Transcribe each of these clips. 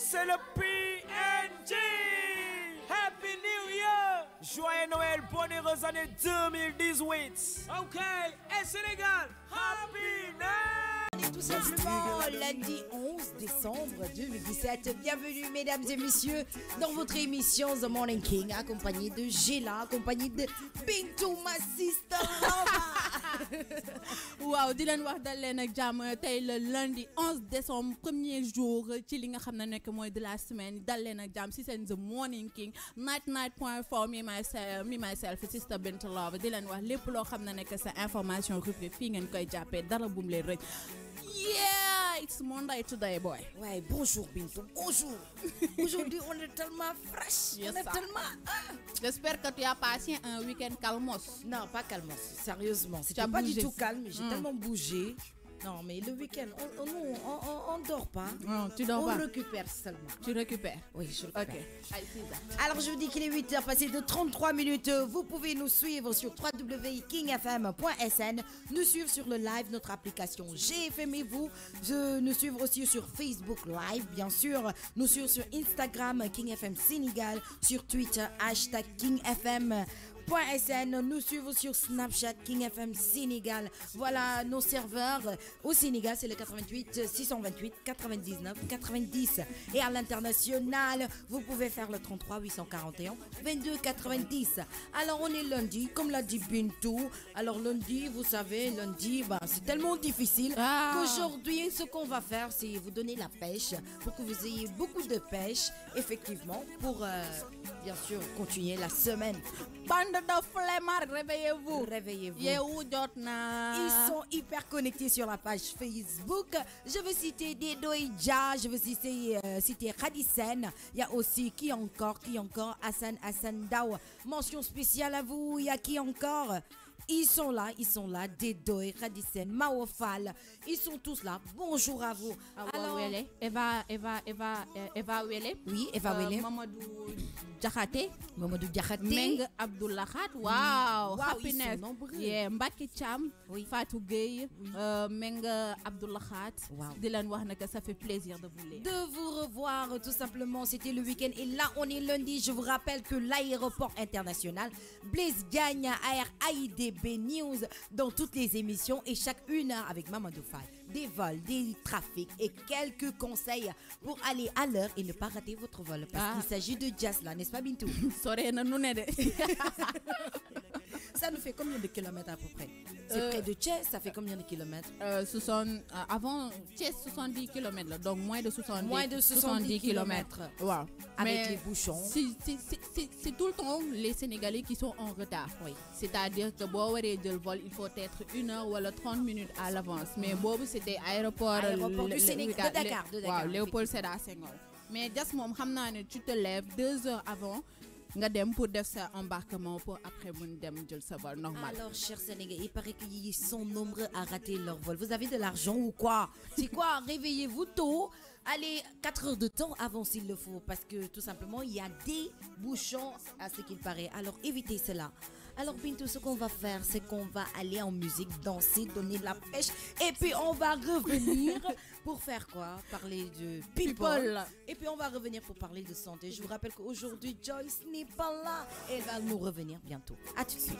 C'est le PNG. Happy New Year. Joyeux Noël, bonne heureuse année 2018. Ok, et Sénégal, Happy New tout simplement lundi 11 décembre 2017. Bienvenue mesdames et messieurs dans votre émission The Morning King accompagnée de Gela, accompagnée de Pinto ma sister Wow, Dylan leen wax dal le lundi 11 décembre premier jour ci li nga de la semaine Dylan leen ak si The Morning King night night for me myself me myself sister Bintou Love Dylan leen wax lépp loo xam sa information rubrique fii koy Yeah, it's Monday today, boy. Ouais, bonjour Bintou, bonjour. Aujourd'hui, on est tellement fresh on est tellement. Ah. J'espère que tu as passé un week-end calmos. Non, pas calmos. Sérieusement, c'était pas du tout calme. J'ai hmm. tellement bougé. Non, mais le week-end, on, nous, on, on, dort pas. Non, tu dors pas. On récupère seulement. Tu récupères Oui, je récupère. Ok. Alors, je vous dis qu'il est 8h, passé de 33 minutes. Vous pouvez nous suivre sur www.kingfm.sn, nous suivre sur le live, notre application GFM et vous, nous suivre aussi sur Facebook Live, bien sûr, nous suivre sur Instagram KingFM Sénégal, sur Twitter, hashtag KingFM. SN, Nous suivons sur Snapchat King FM Sénégal. Voilà nos serveurs au Sénégal, c'est le 88 628 99 90. Et à l'international, vous pouvez faire le 33 841 22 90. Alors on est lundi, comme l'a dit Bintou. Alors lundi, vous savez, lundi, bah, c'est tellement difficile ah. qu'aujourd'hui, ce qu'on va faire, c'est vous donner la pêche pour que vous ayez beaucoup de pêche effectivement, pour euh, bien sûr continuer la semaine. Bande de flemmards, réveillez-vous. Réveillez-vous. Ils sont hyper connectés sur la page Facebook. Je veux citer Dedo je veux citer, euh, Il y a aussi qui encore, qui encore, Hassan Hassan Dao. Mention spéciale à vous, il y a qui encore ils sont là, ils sont là. Dedoy, Radisen, Maofal, ils sont tous là. Bonjour à vous. Alors, Eva, Eva, Eva, euh, Eva Wele. Oui, Eva Wele. Euh, Mamadou Djakate. Mamadou Djakate. Meng Abdullahat. Wow, wow happiness. Yeah, Mbaki Cham. Oui. Fatou Gueye. Euh, Meng Abdullahat. Wow. Dylan Wahnaka, ça fait plaisir de vous lire. De vous revoir, tout simplement. C'était le week-end et là, on est lundi. Je vous rappelle que l'aéroport international Blaise Gagne, Air Aid. B News dans toutes les émissions et chaque chacune avec Maman Faye des vols, des trafics et quelques conseils pour aller à l'heure et ne pas rater votre vol. Parce ah. qu'il s'agit de jazz là, n'est-ce pas Bintou Ça nous fait combien de kilomètres à peu près C'est euh, près de Thiès, ça fait combien de kilomètres ce euh, euh, Avant Thiès, 70 kilomètres, donc moins de 70, moins de 70, kilomètres. Avec les bouchons. C'est tout le temps les Sénégalais qui sont en retard. Oui. C'est-à-dire que avoir le vol, il faut être une heure ou 30 minutes à l'avance. Mais ah. bon, c'était aéroport. du Sénégal de Dakar. de Dakar Léopold Sédar Senghor. mais jas tu te lèves deux heures avant. nga dem pour def sa embarquement pour après mon dem savoir sa normal. Alors, chers Sénégalais, il paraît qu'ils sont nombreux à rater leur vol. Vous avez de l'argent ou quoi C'est quoi Réveillez-vous tôt, allez quatre heures de temps avant s'il le faut, parce que tout simplement, il y a des bouchons à ce qu'il paraît. Alors, évitez cela. Alors, Bintou, ce qu'on va faire, c'est qu'on va aller en musique, danser, donner de la pêche. Et puis, on va revenir pour faire quoi Parler de people. Et puis, on va revenir pour parler de santé. Je vous rappelle qu'aujourd'hui, Joyce n'est pas là. Elle va nous revenir bientôt. À tout de suite.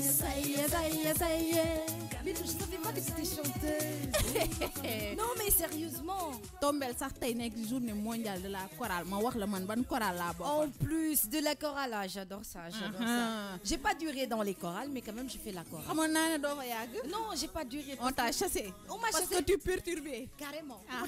赛呀赛呀赛呀。chanteuse. non, mais sérieusement. tombelle le journée mondiale de la chorale ma le le man ban En plus de la chorale ah, j'adore ça j'adore ça. Uh-huh. J'ai pas duré dans les chorales mais quand même je fais la chorale. mon on a non j'ai pas duré. on t'a chassé. parce que oh, tu perturbais. carrément. Ah,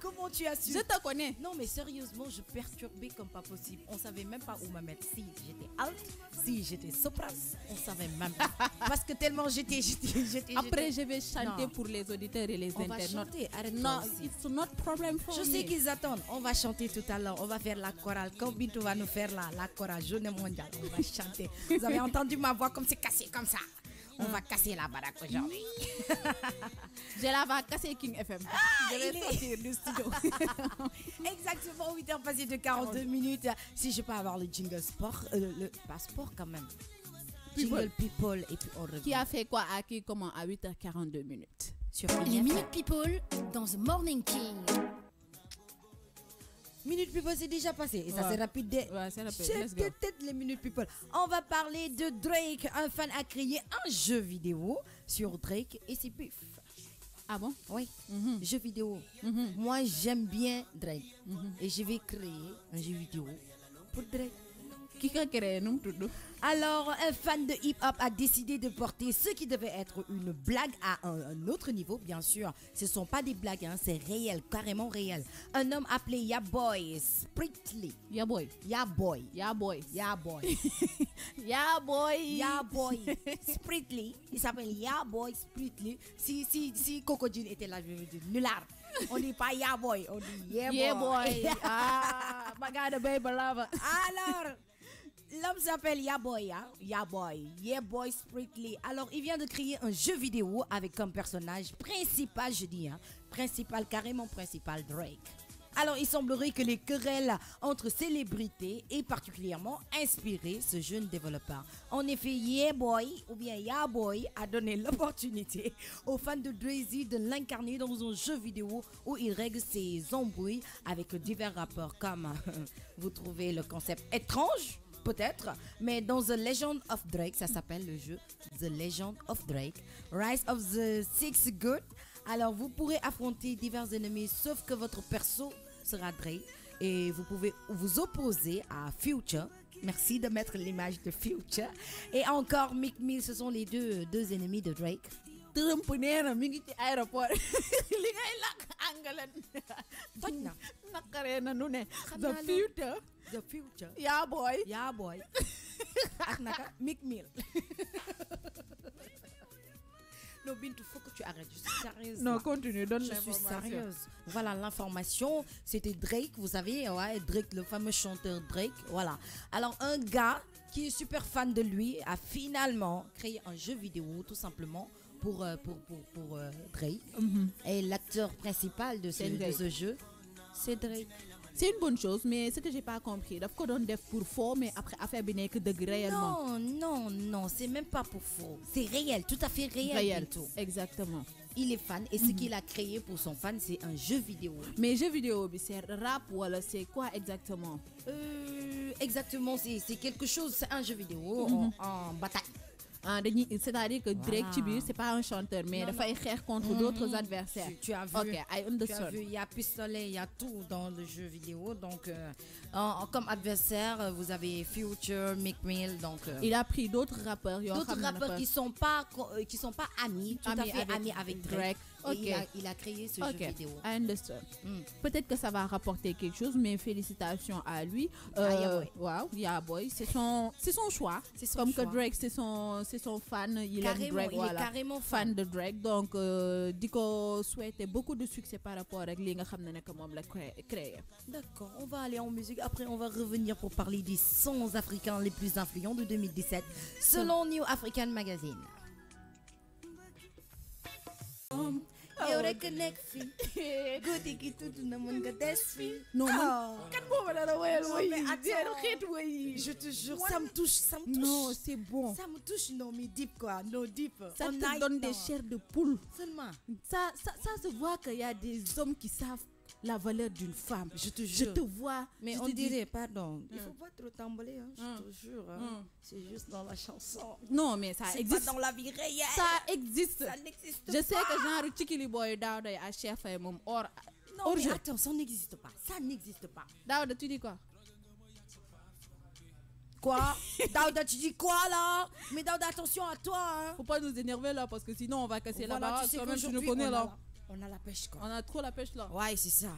comment tu as su ah, tu je te connais. non mais sérieusement je perturbais comme pas possible on savait même pas où me mettre si j'étais alte si j'étais soprano on savait même pas parce que tellement j'étais j'étais j'étais je vais chanter pour les auditeurs et les on Va chanter, non, aussi. not problem for Je sais qu'ils attendent. On va chanter tout à l'heure. On va faire la chorale. Quand Bintou va nous faire la, la chorale journée mondiale, on va chanter. Vous avez entendu ma voix comme c'est cassé comme ça. On va casser la baraque aujourd'hui. J'ai la va casser King FM. Ah, je vais du studio. Exactement, 8h passées de 42 minutes. Si je peux avoir le jingle sport, euh, le passeport quand même. People. et Qui a fait quoi à qui comment à 8h42 minutes sur Les Minute People dans The Morning King. Minute People, c'est déjà passé. Et ça, c'est rapide. peut-être les Minute People. On va parler de Drake. Un fan a créé un jeu vidéo sur Drake et ses puffs. Ah bon Oui. Mm-hmm. Jeu vidéo. Mm-hmm. Moi, j'aime bien Drake. Mm-hmm. Et je vais créer un jeu vidéo pour Drake. Qui a créé un nom tout alors, un fan de hip-hop a décidé de porter ce qui devait être une blague à un, autre niveau, bien sûr. Ce ne sont pas des blagues, hein, c'est réel, carrément réel. Un homme appelé Ya Boy, Spritly. Ya Boy. Ya Boy. Ya Boy. Spritly. Il s'appelle Ya Boy, Spritly. Si, si, si Coco Jean était là, je vais dire nulard. On dit pas Ya Boy, on dit Ya boy. Ah, my God, baby lover. Alors. L'homme s'appelle Yaboy, hein. Yaboy, Boy Spritly. Alors, il vient de créer un jeu vidéo avec comme personnage principal, je dis, hein, principal, carrément principal, Drake. Alors, il semblerait que les querelles entre célébrités aient particulièrement inspiré ce jeune développeur. En effet, Yeah Boy ou bien Yaboy Boy a donné l'opportunité aux fans de Drazy de l'incarner dans un jeu vidéo où il règle ses embrouilles avec divers rappeurs comme vous trouvez le concept étrange peut-être, mais dans The Legend of Drake, ça s'appelle le jeu The Legend of Drake, Rise of the Six Good. Alors vous pourrez affronter divers ennemis, sauf que votre perso sera Drake et vous pouvez vous opposer à Future. Merci de mettre l'image de Future. Et encore Mick Mill, ce sont les deux, deux ennemis de Drake. Trump mi ngi ci aéroport li ngay làkk angale toj na naqaree na nu ne the future the future yaa booy yaa booy ak naka mig mil Non, Bintou, faut que tu arrêtes. Je suis sérieuse. Non, continue, donne Je suis sérieuse. Voilà, l'information, c'était Drake, vous savez, ouais, Drake, le fameux chanteur Drake. Voilà. Alors, un gars qui est super fan de lui a finalement créé un jeu vidéo, tout simplement, euh, pour, pour, pour, pour euh, Drake. Mhm. Et l'acteur principal de ce, ce jeu, c'est Drake. C'est une bonne chose, mais ce que j'ai pas compris, la qu'on don pour faux, mais après affaire bi que de réellement. Non, non, non, c'est même pas pour faux. C'est réel, tout à fait réel. Réel, tout. Exactement il est fan et ce mhm. qu'il a créé pour son fan, c'est un jeu vidéo. Mais jeu vidéo, c'est rap ou alors c'est quoi exactement euh, Exactement, c'est quelque chose, c'est un jeu vidéo mhm. en, en, bataille. Ah, c'est-à-dire que Drake ce ah. c'est pas un chanteur mais il failli faire contre mm-hmm. d'autres adversaires. tu as vu il y a pistolet il y a tout dans le jeu vidéo donc euh, comme adversaire euh, vous avez Future Meek Mill donc. Euh, il a pris d'autres rappeurs d'autres rappeurs qui sont pas qui sont pas amis. tout à fait amis avec Drake il, a, créé ce jeu vidéo. Mm. Peut-être que ça va rapporter quelque chose, mais félicitations à lui. Euh, boy. C'est son, c'est son choix. Son Comme que Drake, c'est son, c'est son fan. Il est carrément fan. de Drake. Donc, euh, diko Dico beaucoup de succès par rapport à Linga comme l'a créé. D'accord. On va aller en musique. Après, on va revenir pour parler des sons africains les plus influents de 2017, selon New African Magazine. Oh, Eureka nekk que góoti gi tudd na mën nga des fi non man kan boobu la la je te jure ça me touche ça me touche non c'est bon ça me touche non mais deep quoi non deep ça te donne des chairs de poule seulement ça ça ça se voit qu'il y a des hommes qui savent la valeur d'une femme. Je te jure. Je te vois. Mais je on dirait, pardon, mm. il hein. faut pas trop tambler hein, je hein. te jure. Hein. hein, C'est juste dans la chanson. Non, mais ça existe. Pas dans la vie réelle. Ça existe. Ça n'existe pas. Je sais que genre Chikili Boy Daouda et à et Mom. Or, non, or mais attends, ça n'existe pas. Ça n'existe pas. Daouda, tu dis quoi Quoi Daouda, tu dis quoi là Mais Daouda, attention à toi. Hein. Faut pas nous énerver là parce que sinon on va casser la baraque. Tu sais même, nous connais là on a la pêche quoi. On a trop la pêche là. Ouais, c'est ça.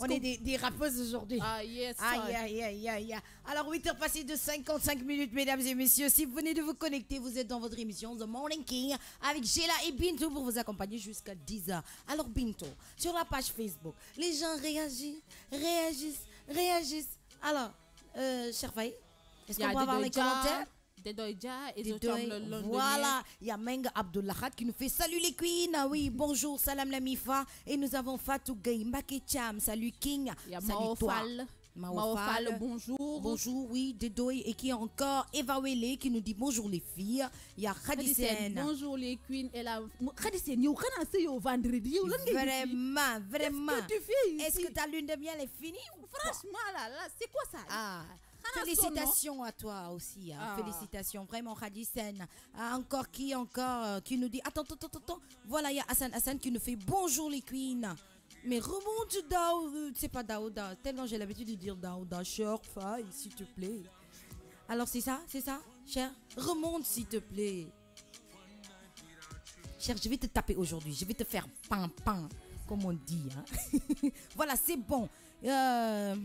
On est des, rappeuses aujourd'hui. Ah, yes. Aïe, aïe, aïe, aïe, Alors, 8 heures passées de 55 minutes, mesdames et messieurs. Si vous venez de vous connecter, vous êtes dans votre émission The Morning King avec Gela et Binto pour vous accompagner jusqu'à 10 h Alors, Binto, sur la page Facebook, les gens réagissent, réagissent, réagissent. Alors, euh, cher Faye, est-ce qu'on peut avoir les commentaires voilà, il y a Meng Abdullahad qui nous fait Salut les queens, ah oui, bonjour, salam la mifa. Et nous avons Fatou Gay, Cham, salut King, salut toi. Maofal, bonjour. Bonjour, oui, Dedoy. Et qui encore Eva Wele qui nous dit bonjour les filles. Il y a Khadisen. Bonjour les queens. Et la Khadisen, au vendredi Vraiment, vraiment. Est-ce que ta lune de miel est finie Franchement, là, là, c'est quoi ça Ah, Félicitations à toi aussi. Hein. Ah. Félicitations. Vraiment, Khadisen. Hein, encore qui, encore, euh, qui nous dit. Attends, attends, attends, Voilà, il y a Hassan Hassan qui nous fait bonjour les queens. Mais remonte Daouda. C'est pas Daouda. Tellement j'ai l'habitude de dire Daouda. Cher faille, s'il te plaît. Alors, c'est ça, c'est ça, cher Remonte, s'il te plaît. Cher, je vais te taper aujourd'hui. Je vais te faire pain, pain, comme on dit. Hein. voilà, c'est bon. Euh.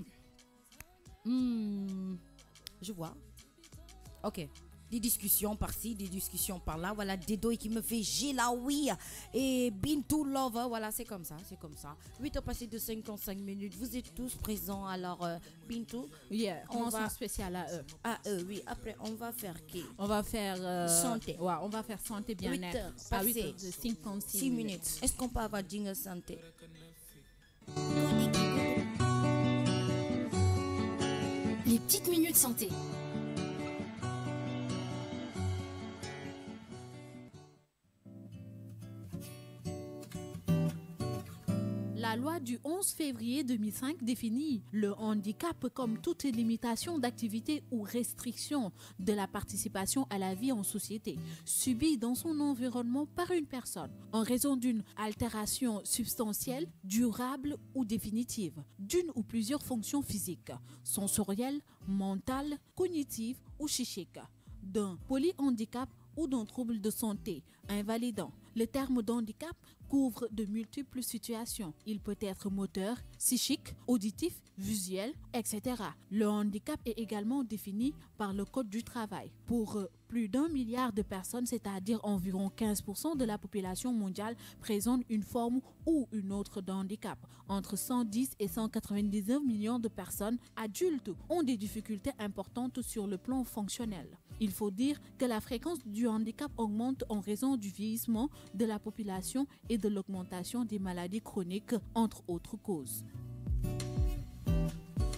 Hmm. je vois. Ok. Des discussions par-ci, des discussions par-là. Voilà, Dedo qui me fait j'ai la oui. Et Bintou Love. Voilà, c'est comme ça, c'est comme ça. 8 h passé de 55 minutes. Vous êtes tous présents. Alors, euh, Bintou. on, va spécial à eux. À eux, oui. Après, on va faire qui On va faire. Euh, santé. on va faire santé bien-être. À 8 h de 56 minutes. Est-ce qu'on peut avoir jingle santé les petites minutes santé. La loi du 11 février 2005 définit le handicap comme toute limitation d'activité ou restriction de la participation à la vie en société subie dans son environnement par une personne en raison d'une altération substantielle, durable ou définitive d'une ou plusieurs fonctions physiques, sensorielles, mentales, cognitives ou psychiques d'un polyhandicap ou d'un trouble de santé invalidant. Le terme d'handicap couvre de multiples situations. Il peut être moteur, psychique, auditif, visuel, etc. Le handicap est également défini par le Code du travail. Pour euh, plus d'un milliard de personnes, c'est-à-dire environ 15% de la population mondiale, présente une forme ou une autre d'handicap. Entre 110 et 199 millions de personnes adultes ont des difficultés importantes sur le plan fonctionnel. Il faut dire que la fréquence du handicap augmente en raison du vieillissement de la population et de l'augmentation des maladies chroniques, entre autres causes.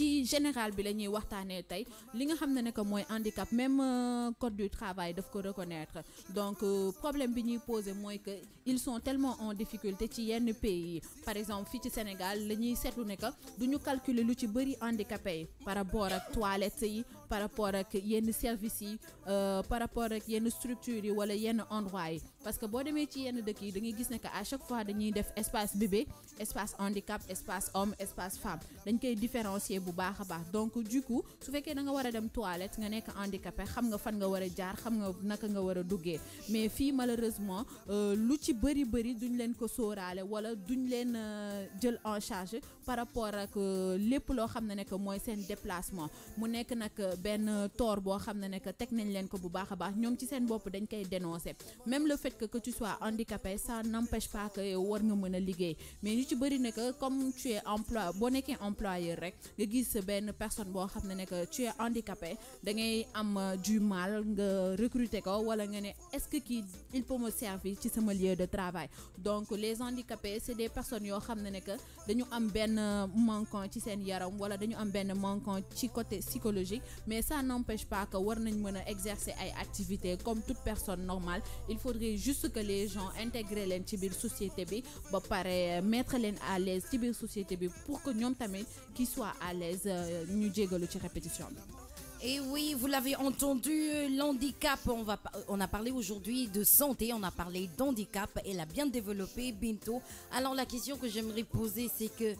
En général les lañuy qui waxtaanee tey li nga xam handicap même euh, code du travail daf ko reconnaître donc euh, problème bi ñuy poser mooy que ils sont tellement en difficulté ci yenn pays par exemple fii ci Sénégal la ñuy seetlu ne que calculer lu ci handicapé par rapport ak toilettes yi par rapport ak yenn services euh, par rapport ak yenn structures ou wala yenn endroits parce que boo demee ci yenn dëkk yi da ngay gis ne que à chaque fois dañuy def espace bébé espace handicap espace homme espace femme dañ koy différencier bu baax a baax donc du coup su fekkee da nga war a dem toilette nga nekk handicapé xam nga fan nga war a jaar xam nga naka nga war a duggee mais fii malheureusement euh, lu ci bëri bëri duñ leen ko sóoraale wala duñ leen euh, jël en charge par rapport ak euh, lépp loo xam ne ne que mooy seen déplacement mu nekk nag benn tort boo xam ne ne que teg nañ leen ko bu baax a baax ñoom ci seen bopp dañ koy dénoncer même le fait que que tu sois handicapé ça n'empêche pas que tu war nga mën mais ñu ci bëri que comme tu es emploi boo nekkee employeur rek nga gis ben personne qui xam ne que tu es handicapé da ngay am euh, du mal nga recruter ko wala est-ce que il peut me servir ci mon lieu de travail donc les handicapés c'est des personnes qui ont un manque que dañu am benn euh, manquant ci seen yaram wala dañu am benn manquant ci côté psychologique mais ça n'empêche pas que war nañ mën a exercer ay activités comme toute personne normale il faudrait juste que les gens intègrent les société B, pour euh, mettre à l'aise société B pour que nous qui qu'ils soient à l'aise nous euh, le ci répétition Et oui, vous l'avez entendu, l'handicap, on, on a parlé aujourd'hui de santé, on a parlé d'handicap, elle a bien développé Binto. Alors la question que j'aimerais poser, c'est que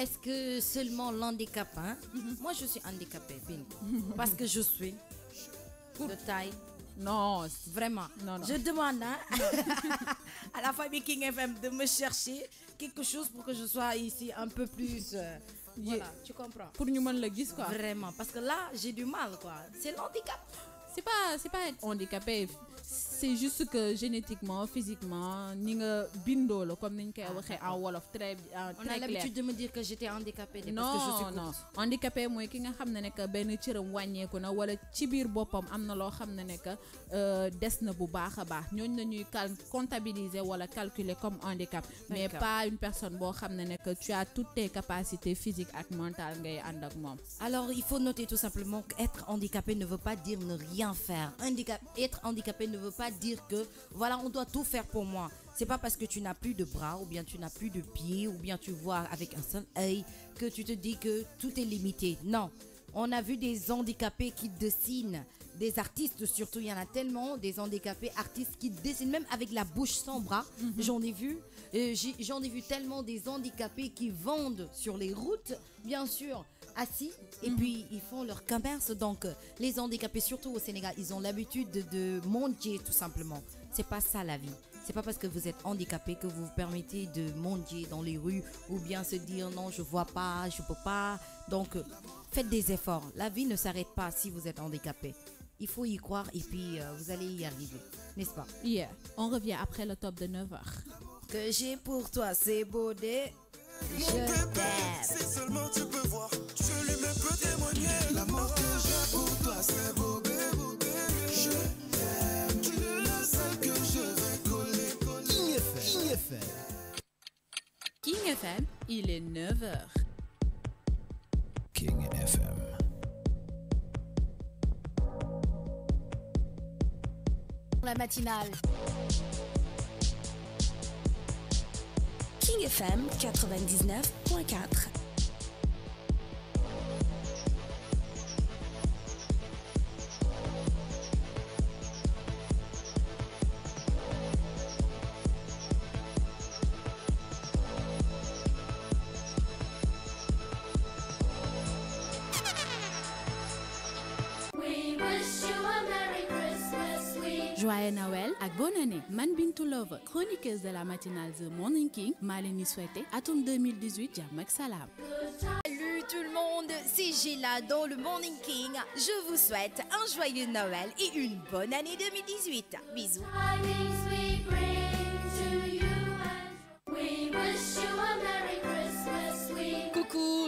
est-ce que seulement l'handicap, hein? mm-hmm. moi je suis handicapée, Binto, parce que je suis de taille, non. Vraiment. Je demande hein. à la famille King FM de me chercher quelque chose pour que je sois ici un peu plus. Euh, voilà, tu comprends. Pour Newman le guise quoi. Vraiment, parce que là, j'ai du mal quoi. C'est l'handicap. C'est pas, c'est pas handicapé c'est juste que génétiquement, physiquement, ninga bindo comme ninga en wolof très bien. On a l'habitude de me dire que j'étais handicapée parce que je suis courte. Non, handicapée moi qui nga xamna nek ben ciiram wañé ko na wala ci bir bopam amna lo xamna nek euh dess na bu baaxa baax ñoñ nañuy comptabiliser wala calculer comme handicap mais pas une personne bo xamna nek tu as toutes tes capacités physiques et mentales ngay and ak mom. Alors il faut noter tout simplement qu'être handicapé ne veut pas dire ne rien faire. Handicap être handicapé ne veut pas dire que voilà, on doit tout faire pour moi. C'est pas parce que tu n'as plus de bras ou bien tu n'as plus de pieds ou bien tu vois avec un seul œil que tu te dis que tout est limité. Non, on a vu des handicapés qui dessinent, des artistes surtout, il y en a tellement, des handicapés artistes qui dessinent même avec la bouche sans bras. Mhm. J'en ai vu, euh, j'en ai, vu tellement des handicapés qui vendent sur les routes, bien sûr, assis, et mhm. puis ils font leur commerce. Donc les handicapés, surtout au Sénégal, ils ont l'habitude de, mondier, tout simplement. C'est pas ça la vie. C'est pas parce que vous êtes handicapé que vous vous permettez de mendier dans les rues ou bien se dire non, je vois pas, je peux pas. Donc, faites des efforts. La vie ne s'arrête pas si vous êtes handicapé il faut y croire et puis euh, vous allez y arriver, n'est-ce pas Yeah, on revient après le top de 9h. Que j'ai pour toi, c'est beau. Mon je bébé, si seulement tu peux voir, je lui même peux témoigner. L'amour que j'ai pour toi, c'est beau bébé, je t'aime. Tu la sais que je vais coller, coller. King FM. King FM. King FM, il est 9h. King FM. La matinale. King FM 99.4. Man man To Love chroniqueuse de la matinale The Morning King Malini à souhaité 2018 Yamak Salam Salut tout le monde, c'est Gila dans le Morning King. Je vous souhaite un joyeux Noël et une bonne année 2018. Bisous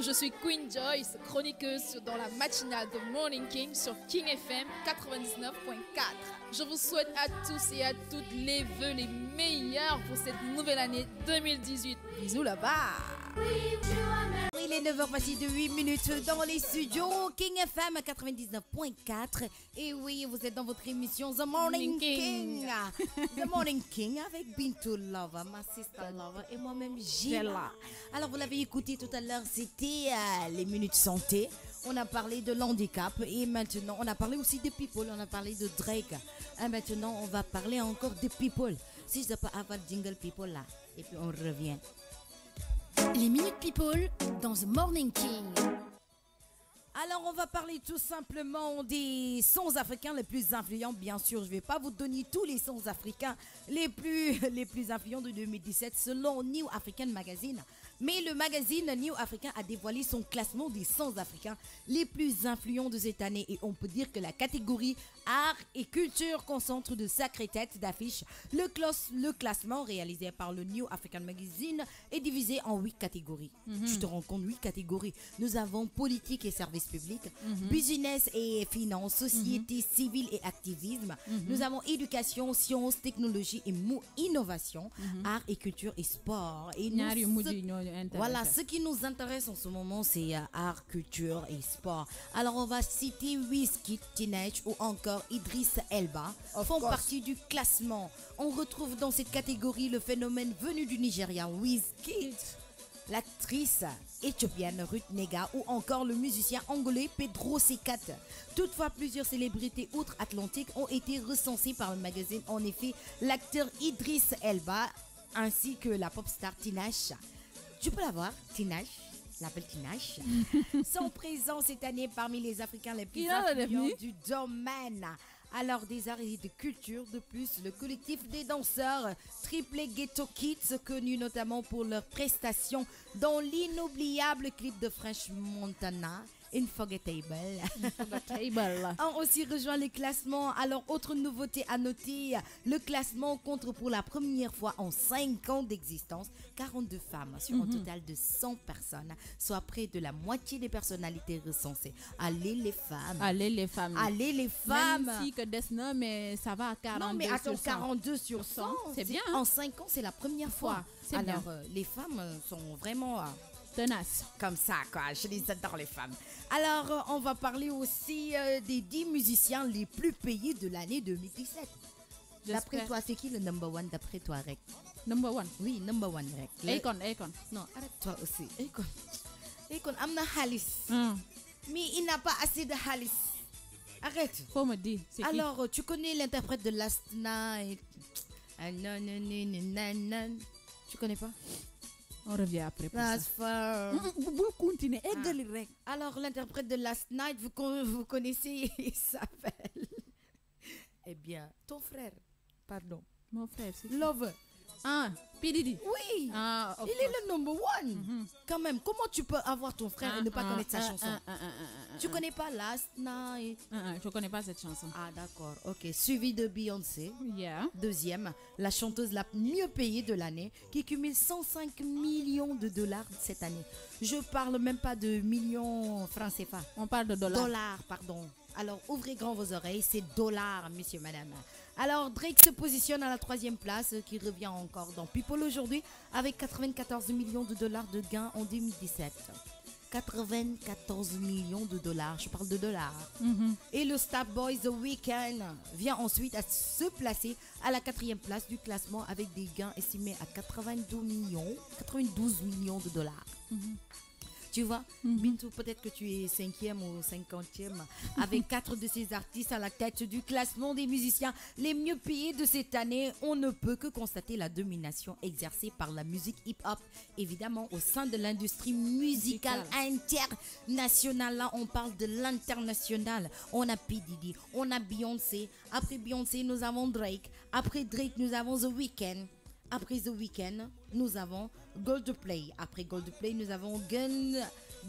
je suis Queen Joyce, chroniqueuse dans la matinale de Morning King sur King FM 99.4. Je vous souhaite à tous et à toutes les vœux les meilleurs pour cette nouvelle année 2018. Bisous là-bas il est 9h passé de 8 minutes dans les studios King FM 99.4. Et oui, vous êtes dans votre émission The Morning King. The Morning King avec Bintou Love, ma sister Love et moi-même Gila. Alors, vous l'avez écouté tout à l'heure, c'était euh, les minutes santé. On a parlé de l'handicap et maintenant on a parlé aussi de people, on a parlé de Drake. Et maintenant on va parler encore de people. Si je peux avoir jingle people là, et puis on revient. Les Minute People dans The Morning King. Alors, on va parler tout simplement des sons africains les plus influents. Bien sûr, je ne vais pas vous donner tous les sons africains les plus, les plus influents de 2017 selon New African Magazine. Mais le magazine New African a dévoilé son classement des 100 Africains les plus influents de cette année et on peut dire que la catégorie art et culture concentre de sacrées têtes d'affiche. Le, classement réalisé par le New African Magazine est divisé en 8 catégories. Mhm. Tu te rends compte, 8 catégories. Nous avons politique et services publics, mhm. business et finances, société mhm. civile et activisme. Nous avons éducation, sciences, technologie et innovation, art et culture et sport. Et nous voilà, ce qui nous intéresse en ce moment, c'est euh, art, culture et sport. Alors, on va citer Wizkid Teenage ou encore Idriss Elba font partie du classement. On retrouve dans cette catégorie le phénomène venu du Nigeria, Wizkid, l'actrice éthiopienne Ruth Nega ou encore le musicien anglais Pedro Secat. Toutefois, plusieurs célébrités outre-Atlantique ont été recensées par le magazine. En effet, l'acteur Idriss Elba ainsi que la pop star Tinashe tu peux la voir, la L'appelle Tinache, Sont présence cette année parmi les Africains les plus influents du domaine. Alors des arts et de culture. De plus, le collectif des danseurs Triple Ghetto Kids, connu notamment pour leurs prestations dans l'inoubliable clip de French Montana, Infogetable. Infogetable. On aussi rejoint les classements. Alors, autre nouveauté à noter, le classement compte pour la première fois en 5 ans d'existence 42 femmes sur un mhm. total de 100 personnes, soit près de la moitié des personnalités recensées. Allez les femmes. Allez les femmes. Allez les femmes. Même si que Desna, mais ça va à 42 Non, mais attends, 42 sur 100, c'est bien. En 5 ans, c'est la première fois. Alors, euh, les femmes euh, sont vraiment... Euh, tenace. Comme ça, quoi. Je les adore, les femmes. Alors, euh, on va parler aussi euh, des 10 musiciens les plus payés de l'année 2017. D'après toi, c'est qui le number one d'après toi, Rek Number one Oui, number one, Rek. Le... Akon, Non, arrête-toi aussi. Akon. Akon, amna Halis. Hmm. Mais il n'a pas assez de Halis. Arrête. Faut me dire. Alors, euh, tu connais l'interprète de Last Night ah, Non, non, non, non, non. Tu connais pas on revient après. Pour ça. Vous mm, mm, continuez, ah. Alors, l'interprète de Last Night, vous, vous connaissez, il s'appelle. Eh bien, ton frère, pardon. Mon frère, c'est. Love. Ah, Oui. Ah, il est le number one. Mhm. Quand même, comment tu peux avoir ton frère et ne pas ah, connaître sa ah, chanson Tu connais pas Last Night Je connais pas cette chanson. Ah, d'accord. Ok. Suivi de Beyoncé. Yeah. Deuxième, la chanteuse la mieux payée de l'année qui cumule 105 millions de dollars cette année. Je parle même pas de millions francs CFA. On parle de dollars. Dollars, pardon. Alors ouvrez grand vos oreilles, c'est dollars, monsieur, madame. Alors Drake se positionne à la troisième place, qui revient encore dans People aujourd'hui, avec 94 millions de dollars de gains en 2017. 94 millions de dollars, je parle de dollars. Mhm. Et le Star Boys The Weeknd vient ensuite à se placer à la quatrième place du classement avec des gains estimés à 92 millions, 92 millions de dollars. Mhm. Tu vois, mm peut-être que tu es cinquième ou cinquantième avec quatre de ces artistes à la tête du classement des musiciens les mieux payés de cette année. On ne peut que constater la domination exercée par la musique hip-hop, évidemment au sein de l'industrie musicale internationale. Là, on parle de l'international. On a P. Diddy, on a Beyoncé. Après Beyoncé, nous avons Drake. Après Drake, nous avons The Weeknd. Après The Weeknd, nous avons Gold Play. Après Gold Play, nous avons Guns,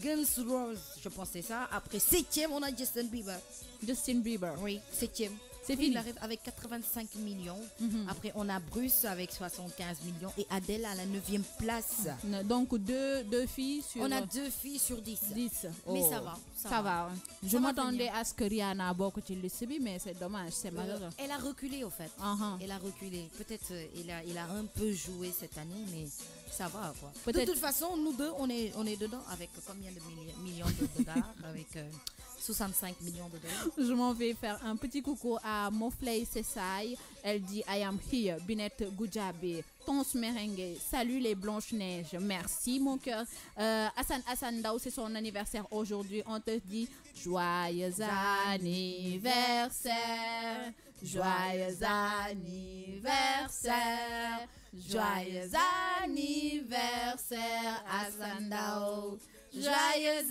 Guns Rose, je pensais ça. Après septième, on a Justin Bieber. Justin Bieber. Oui, septième. C'est fini. Il arrive avec 85 millions. Mhm. Après, on a Bruce avec 75 millions et Adèle à la 9e place. Donc, deux, deux filles sur. On a deux filles sur 10. 10. Mais oh. ça va. Ça, va. Je m'attendais à ce que Rihanna a le le subit, mais c'est dommage. C'est euh, malheureux. elle a reculé, au fait. Ah, ah. Elle a reculé. Peut-être euh, il a, il a un peu joué cette année, mais ça va. Quoi. De toute façon, nous deux, on est, on est dedans avec combien de millions de dollars avec, euh, 65 millions de dollars. Je m'en vais faire un petit coucou à Mofley Sessai. Elle dit I am here, Binette Gujabi. Tons Merengue, salut les Blanches-Neiges, merci mon cœur. Euh, Hassan Hassan Dao, c'est son anniversaire aujourd'hui. On te dit joyeux anniversaire, joyeux anniversaire, joyeux anniversaire, Hassan Dao. Joyeux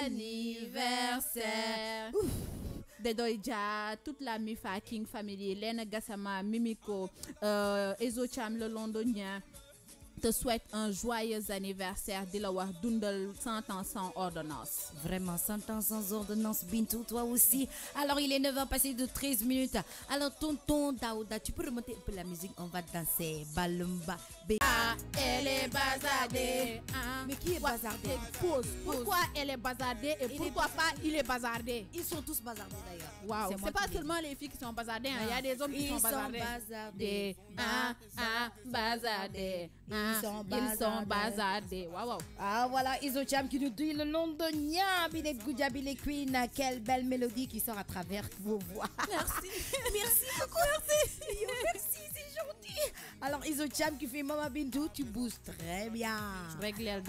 anniversaire. Dédoye toute la Mifa King Family, Lena Gassama, Mimiko, euh, le londonien, te souhaite un joyeux anniversaire de la dundal cent ans sans ordonnance vraiment cent ans sans ordonnance Bintou toi aussi alors il est 9 h passé de 13 minutes alors tonton Daouda tu peux remonter un peu la musique on va danser Balumba ah, elle est bazardée ah, ah. mais qui est bazardée pourquoi elle est bazardée et pourquoi pas il est bazardé ils sont tous bazardés d'ailleurs c'est pas seulement les filles qui sont bazardées hein. il y a ah. des hommes qui sont bazardés sont bazardés. Ah, ah, ils ah, sont bazardés. wow, wow. Ah voilà, Isocham qui nous dit le nom de Nya, Billy Queen. Quelle belle mélodie qui sort à travers vos voix. Merci. merci beaucoup. Merci. Merci, c'est gentil. Alors, Isocham qui fait Maman Bintou, tu bouges très bien.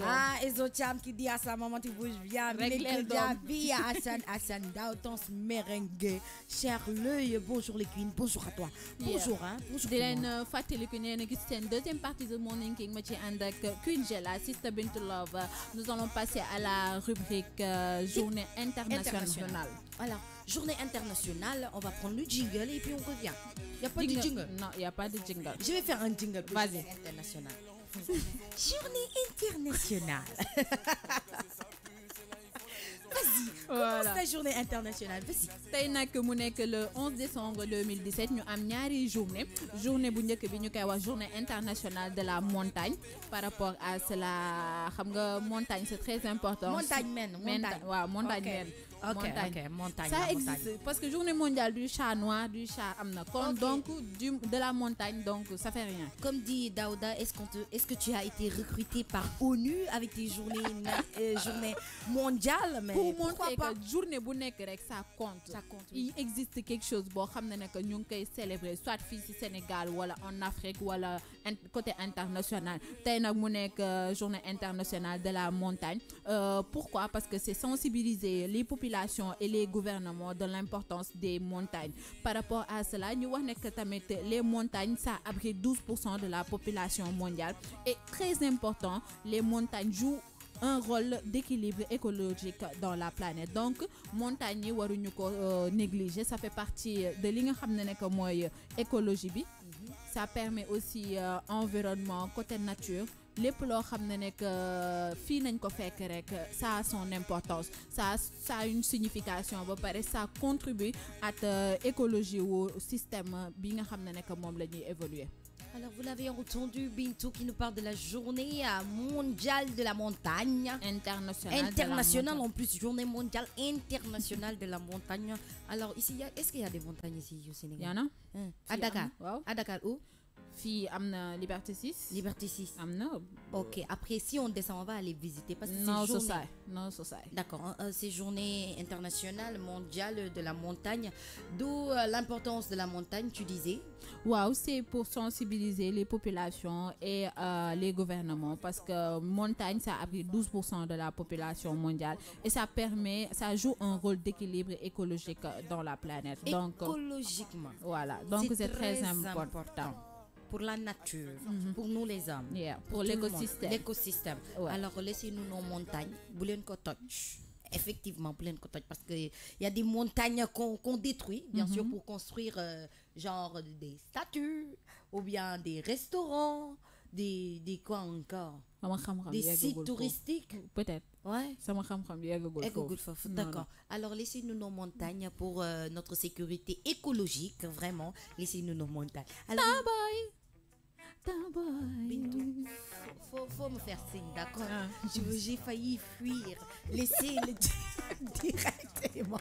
Ah, Isocham qui dit à sa maman, tu bouges bien. bien. à Hassan, Hassan, Dautance, Merengue. Cher l'œil, bonjour les queens, bonjour à toi. Bonjour, hein, bonjour. Dylan Fatel Kunen, c'est une deuxième partie de Morning King, Mathieu Andak, Kunjela, Sister Bintou Love. Nous allons passer à la rubrique euh, Journée internationale. Voilà. Journée internationale, on va prendre le jingle et puis on revient. Il n'y a pas de jingle Non, il n'y a pas de jingle. Je vais faire un jingle. Vas-y. International. Journée internationale. Vas-y, voilà. commence ta journée internationale. Vas-y. tey que mu que le 11 décembre 2017 nous avons une journée journée bu que bi journée internationale de la montagne par rapport à cela xam montagne c'est très important. montagne men montagne waaw montagne men ok montagne. ok montagne ça existe parce que journée mondiale du chat noir du chat am donc de la montagne donc ça fait rien. comme dit Daouda est-ce qu'on est-ce que tu as été recruté par ONU avec tes journées euh, mondiales mais. pour pas journée bu ça compte. ça il existe quelque chose bon comme que soit ici Sénégal ou en Afrique wala côté international tu as une journée internationale de la montagne euh, pourquoi parce que c'est sensibiliser les populations et les gouvernements de l'importance des montagnes par rapport à cela ñu wax les montagnes ça abrite 12 de la population mondiale et très important les montagnes jouent un rôle d'équilibre écologique dans la planète donc montagne ne waruñu ko euh, négliger ça fait partie de l'écologie. Mhm. ça permet aussi euh, environnement côté nature lépp loo xam ne euh, nañ ko fekk ça son importance ça ça a une signification ba pare ça contribue à écologie au système bi nga xam évoluer Alors, vous l'avez entendu, Bintou qui nous parle de la journée mondiale de la montagne. Internationale. Internationale, en plus, journée mondiale internationale de la montagne. Alors, ici, est-ce qu'il y a des montagnes ici au Sénégal Il y en a. Hein? À Dakar. À Dakar, où amna Liberté 6. Liberté 6 euh, ok après si on descend on va aller visiter. parce que c'est journée non je non d'accord hein, euh, c'est journée internationale mondiale de la montagne d'où euh, l'importance de la montagne tu disais. waouh c'est pour sensibiliser les populations et les gouvernements parce que montagne ça abrite 12 de la population mondiale et ça permet ça joue un rôle d'équilibre écologique dans la planète. donc écologiquement. voilà donc c'est très important pour la nature, mhm. Mhm. pour nous les hommes. Pour, l'écosystème. L'écosystème. Alors laissez-nous nos montagnes, boulen ko Effectivement, plein de parce qu'il y a des montagnes qu'on détruit, bien mhm. sûr, pour construire euh, genre des statues, ou bien des restaurants, des, des quoi encore Des sites touristiques Peut-être. Ouais. D'accord. Alors, laissez-nous nos montagnes pour euh, notre sécurité écologique, vraiment. Laissez-nous nos montagnes. bye bye Bintou, faut, faut, me faire signe, d'accord ah. J'ai failli fuir, laisser le direct et moi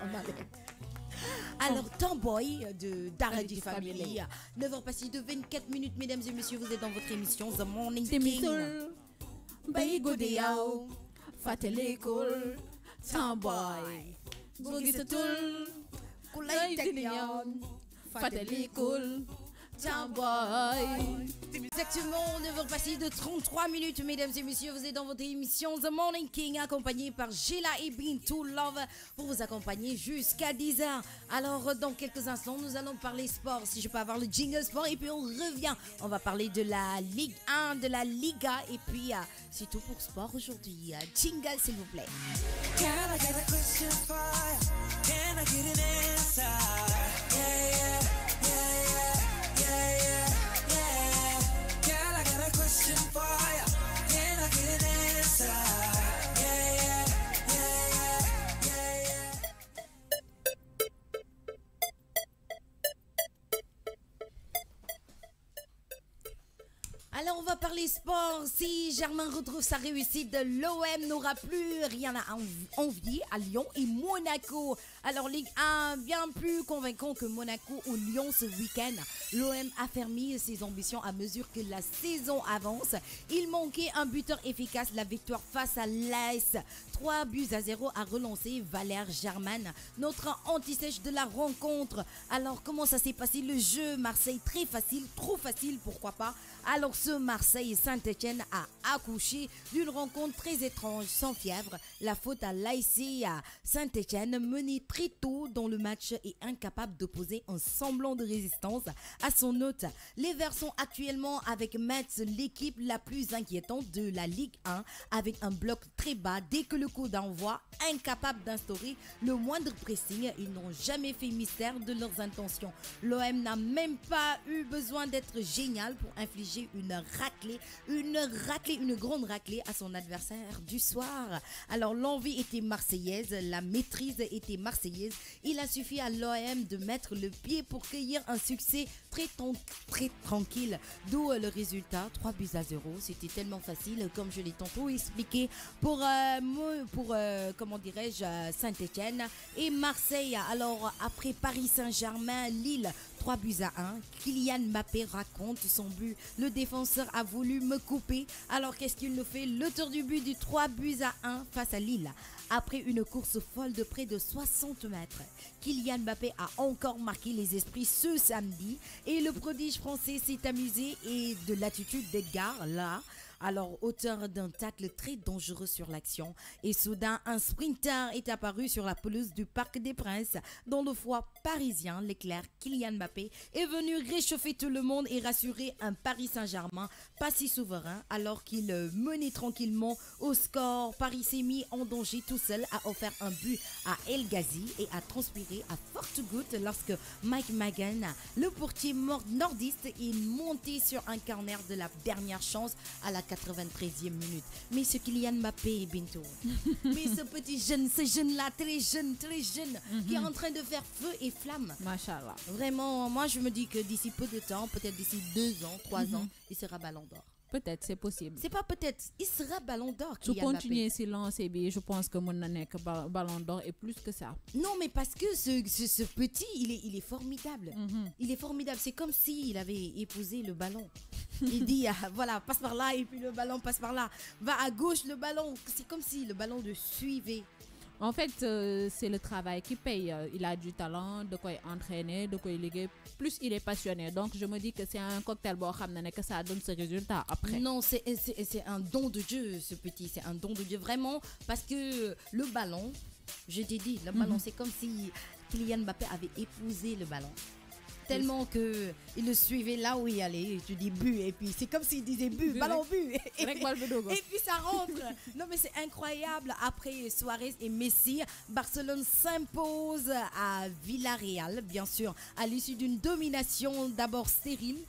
alors, Tamboy de Dara du Family, 9h passé de 24 minutes, mesdames et messieurs, vous êtes dans votre émission The Morning King. Bay Godeyao, Fatelekol, Tamboy, Bogitatul, Kulay Tekyon, Fatelekol un Boy. Exactement, 9h passé de 33 minutes, mesdames et messieurs, vous êtes dans votre émission The Morning King, accompagné par Gila et To Love, pour vous accompagner jusqu'à 10h. Alors, dans quelques instants, nous allons parler sport, si je peux avoir le jingle sport, et puis on revient. On va parler de la Ligue 1, de la Liga, et puis euh, c'est tout pour sport aujourd'hui. Euh, jingle, s'il vous plaît. Can I get a si Germain retrouve sa réussite, l'OM n'aura plus rien à envier à Lyon et Monaco. Alors, Ligue 1, bien plus convaincant que Monaco ou Lyon ce week-end. L'OM a fermé ses ambitions à mesure que la saison avance. Il manquait un buteur efficace, la victoire face à l'AS. 3 buts à 0 a relancé Valère Germain, notre anti-sèche de la rencontre. Alors, comment ça s'est passé le jeu Marseille, très facile, trop facile, pourquoi pas. Alors, ce Marseille Saint-Etienne etienne a accouché d'une rencontre très étrange sans fièvre. La faute à l'AS à Saint-Etienne, menée très tôt dans le match et incapable d'opposer un semblant de résistance à son hôte. Les Verts sont actuellement avec Metz l'équipe la plus inquiétante de la Ligue 1 avec un bloc très bas dès que le coup d'envoi, incapable d'instaurer le moindre pressing. Ils n'ont jamais fait mystère de leurs intentions. L'OM n'a même pas eu besoin d'être génial pour infliger une raclée, une une raclée, une grande raclée à son adversaire du soir. Alors l'envie était marseillaise, la maîtrise était marseillaise. Il a suffi à l'OM de mettre le pied pour cueillir un succès très, tranquille. D'où euh, le résultat, 3 buts à 0. C'était tellement facile, comme je l'ai tantôt expliqué, pour, euh, pour euh, comment dirais-je, Saint-Etienne et Marseille. Alors après Paris Saint-Germain, Lille, 3 buts à 1. Kylian Mbappé raconte son but. Le défenseur a voulu me couper. Alors qu'est-ce qu'il nous fait Le tour du but du 3 buts à 1 face à Lille. Après une course folle de près de 60 mètres, Kylian Mbappé a encore marqué les esprits ce samedi et le prodige français s'est amusé et de l'attitude d'Edgar là alors, auteur d'un tacle très dangereux sur l'action, et soudain, un sprinter est apparu sur la pelouse du Parc des Princes. dont le foie parisien, l'éclair Kylian Mbappé est venu réchauffer tout le monde et rassurer un Paris Saint-Germain pas si souverain alors qu'il euh, menait tranquillement au score. Paris s'est mis en danger tout seul, a offert un but à El Ghazi et a transpiré à forte goutte lorsque Mike Magan, le portier nordiste, est monté sur un corner de la dernière chance à la 93e minute. Mais ce Kylian Mbappé est bientôt. Mais ce petit jeune, ce jeune-là, très jeune, très jeune, qui est mhm. en train de faire feu et flamme. Machallah. Vraiment, moi je me dis que d'ici peu de temps, peut-être d'ici deux ans, trois mhm. ans, il sera ballon d'or peut-être c'est possible c'est pas peut-être il sera ballon d'or tu continuer si lancer je pense que mon année ballon d'or est plus que ça non mais parce que ce, petit il est il est formidable mhm. il est formidable c'est comme s'il avait épousé le ballon il dit ah, voilà passe par là et puis le ballon passe par là va à gauche le ballon c'est comme si le ballon le suivait en fait euh, c'est le travail qui paye euh, il a du talent de quoi est entraîné, de quoi il légué. plus il est passionné donc je me dis que c'est un cocktail bon que ça donne ce résultat après non c'est c'est un don de Dieu ce petit c'est un don de Dieu vraiment parce que le ballon je t'ai dit le ballon mhm. c'est comme si Kylian Mbappé avait épousé le ballon tellement que il le suivait là où il allait. tu dis but et puis c'est comme s'il disait but ballon bu. Et, puis ça rentre. non mais c'est incroyable. Après Soares et Messi, Barcelone s'impose à Villarreal, bien sûr, à l'issue d'une domination d'abord stérile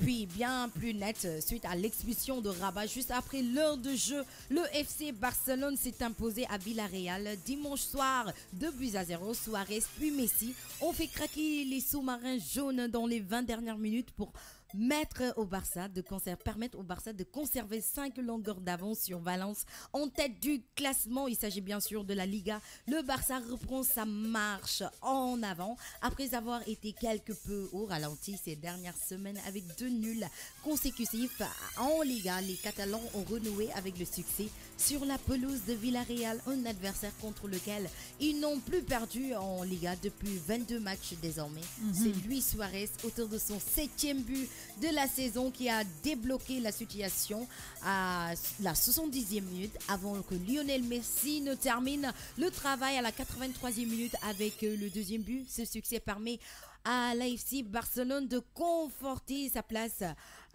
puis bien plus net euh, suite à l'expulsion de Rabat juste après l'heure de jeu. Le FC Barcelone s'est imposé à Villarreal dimanche soir 2 buts à 0. Suarez puis Messi ont fait craquer les sous-marins jaunes dans les 20 dernières minutes pour mettre au Barça de permettre au Barça de conserver 5 longueurs d'avance sur Valence en tête du classement. Il s'agit bien sûr de la Liga. Le Barça reprend sa marche en avant après avoir été quelque peu au ralenti ces dernières semaines avec deux nuls consécutifs en Liga. Les Catalans ont renoué avec le succès sur la pelouse de Villarreal, un adversaire contre lequel ils n'ont plus perdu en Liga depuis 22 matchs désormais. Mhm. C'est Luis Suarez autour de son septième but de la saison qui a débloqué la situation à la 70e minute avant que Lionel Messi ne termine le travail à la 83e minute avec le deuxième but. Ce succès permet à l'AFC Barcelone de conforter sa place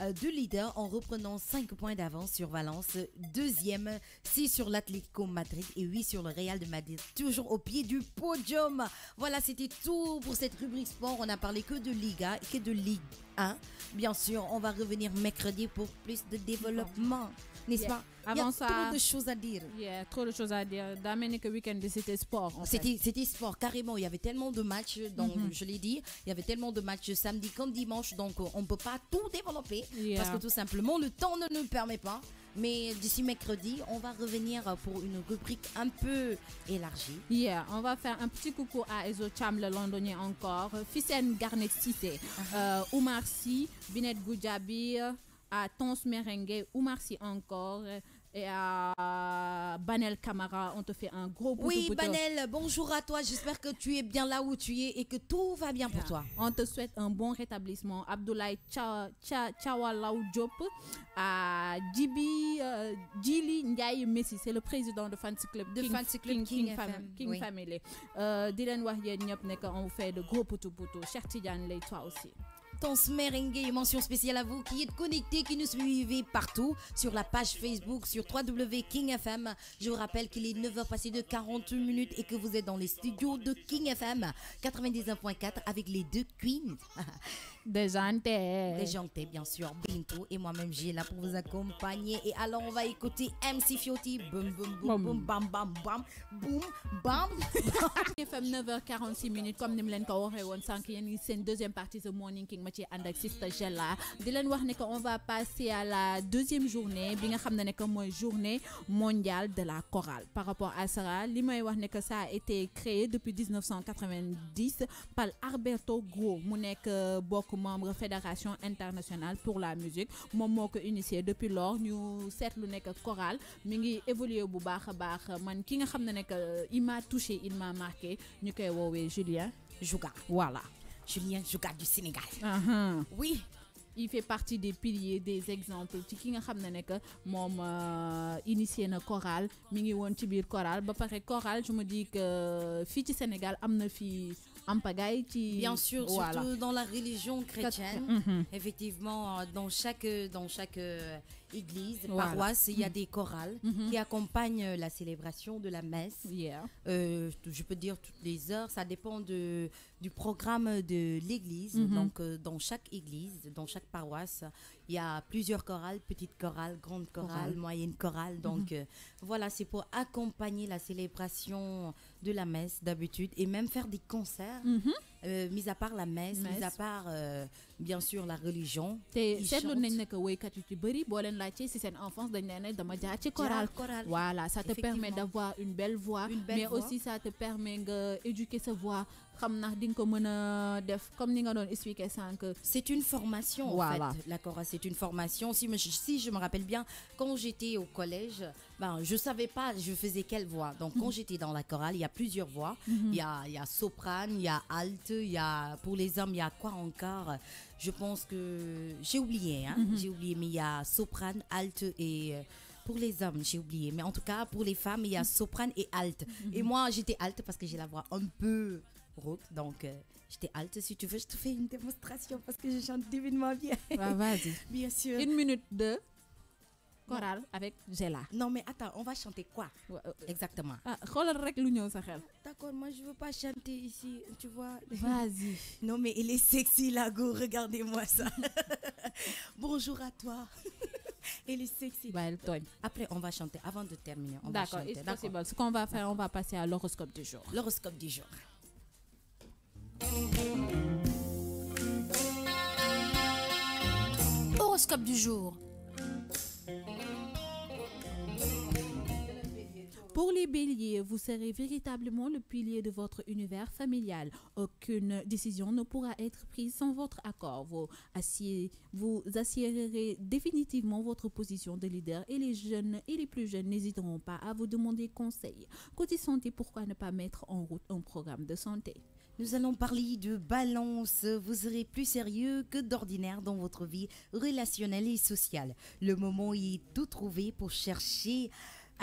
euh, de leader en reprenant 5 points d'avance sur Valence, deuxième, 6 sur l'Atlético Madrid et 8 sur le Real de Madrid, toujours au pied du podium. Voilà, c'était tout pour cette rubrique sport. On n'a parlé que de Liga et que de Ligue 1. Bien sûr, on va revenir mercredi pour plus de développement n'est-ce pas Avant Il y a trop de choses à dire. Il a trop de choses à dire. D'amener que week-end, c'était sport. C'était sport, carrément. Il y avait tellement de matchs, donc mm-hmm. je l'ai dit, il y avait tellement de matchs samedi comme dimanche, donc on ne peut pas tout développer parce que tout simplement, le temps ne nous permet pas. Mais d'ici mercredi, on va revenir pour une rubrique un peu élargie. Yeah, on va faire un petit coucou à Ezo le londonien encore, Fissen Garnet Cité, uh -huh. Binet Goudjabi à Tons Merengue, Oumar merci encore et à Banel Camara. On te fait un gros poutou Oui, Banel, bonjour à toi. J'espère que tu es bien là où tu es et que tout va bien pour toi. On te souhaite un bon rétablissement. Abdoulaye Tchawalaou Diop à Jibi Jili euh, Djili Ndiaye Messi. C'est le président de Fancy Club King, King, Family. Euh, Dylan Wahye on vous fait de gros poutou poutou. Cher Tidiane, toi aussi. Hortense Merengue. Mention spéciale à vous qui êtes connectés, qui nous suivez partout sur la page Facebook, sur www.kingfm. Je vous rappelle qu'il est 9h passé de 48 minutes et que vous êtes dans les studios de King FM 91.4 avec les deux queens. des Déjanté. Déjanté, bien sûr. Binto et moi-même, j'ai là pour vous accompagner. Et alors, on va écouter MC Fioti. Boum, boum, boum, boum, bam, bam, bam, boum, bam. FM 9h46 minutes, comme nous l'avons dit, on sent qu'il y a une deuxième partie de Morning King, Mathieu Andak, Sister Gela. Dylan Warne, on va passer à la deuxième journée. Bien que journée mondiale de la chorale. Par rapport à ça, l'image Warne, que ça a été créé depuis 1990 par Alberto Gros, mon euh, beaucoup membre fédération internationale pour la musique mon mot initié depuis lors ñu sommes nek chorale mi ngi évoluer bu baax baax man ki nga xam nek euh, il m'a touché il m'a marqué ñu koy Julien Jouga voilà Julien Jouga du Sénégal uh-huh. oui il fait partie des piliers des exemples ci ki nga xam nek mom euh, initié na chorale mi ngi won ci biir chorale ba le je me dis que euh, fiti ci Sénégal amna fi Bien sûr, surtout dans la religion chrétienne. Mhm. Effectivement, euh, dans chaque, euh, dans chaque euh, église, paroisse, il y a mhm. des chorales mhm. qui accompagnent la célébration de la messe. je peux dire toutes les heures, ça dépend de, du programme de l'église. Donc, dans chaque église, dans chaque paroisse, il y a plusieurs chorales, petites chorales, grandes chorales moyennes chorales Donc, voilà, c'est pour accompagner la célébration de la messe d'habitude et même faire des concerts, mhm. euh, mis à part la messe, mis à part euh, bien sûr la religion. C'est le ne que woykat yu ci bëri boo leen enfance de leen de dama chorale. voilà ça te permet d'avoir une belle voix. mais aussi ça te permet d'éduquer ce sa voix c'est une formation. fait la chorale c'est une formation si si je me rappelle bien quand j'étais au collège ben je savais pas je faisais quelle voix donc quand mhm. j'étais dans la chorale il y a plusieurs voix. Mhm. il y a y a soprane il y a alte il y a pour les hommes il y a quoi encore je pense que j'ai oublié hein. mhm. j'ai oublié mais il y a soprane alte et euh, pour les hommes, j'ai oublié. Mais en tout cas, pour les femmes, il y a soprane et halte. Et moi, j'étais halte parce que j'ai la voix un peu donc, euh, je t'ai halte. Si tu veux, je te fais une démonstration parce que je chante divinement bien. vas-y. bien sûr. Une minute de chorale avec Gela. Non, mais attends, on va chanter quoi euh, euh. Exactement. Ah, d'accord, moi, je veux pas chanter ici, tu vois. Vas-y. non, mais il est sexy, Lago. Regardez-moi ça. Bonjour à toi. Elle est sexy. Bah, elle Après, on va chanter. Avant de terminer, on va chanter. D'accord, c'est bon. Ce qu'on va faire, on va passer à l'horoscope du jour. L'horoscope du jour. Horoscope du jour. Pour les béliers, vous serez véritablement le pilier de votre univers familial. Aucune décision ne pourra être prise sans votre accord. Vous, assiérez définitivement votre position de leader et les jeunes et les plus jeunes n'hésiteront pas à vous demander conseil. Côté santé, pourquoi ne pas mettre en route un programme de santé nous allons parler de balance. Vous serez plus sérieux que d'ordinaire dans votre vie relationnelle et sociale. Le moment est tout trouvé pour chercher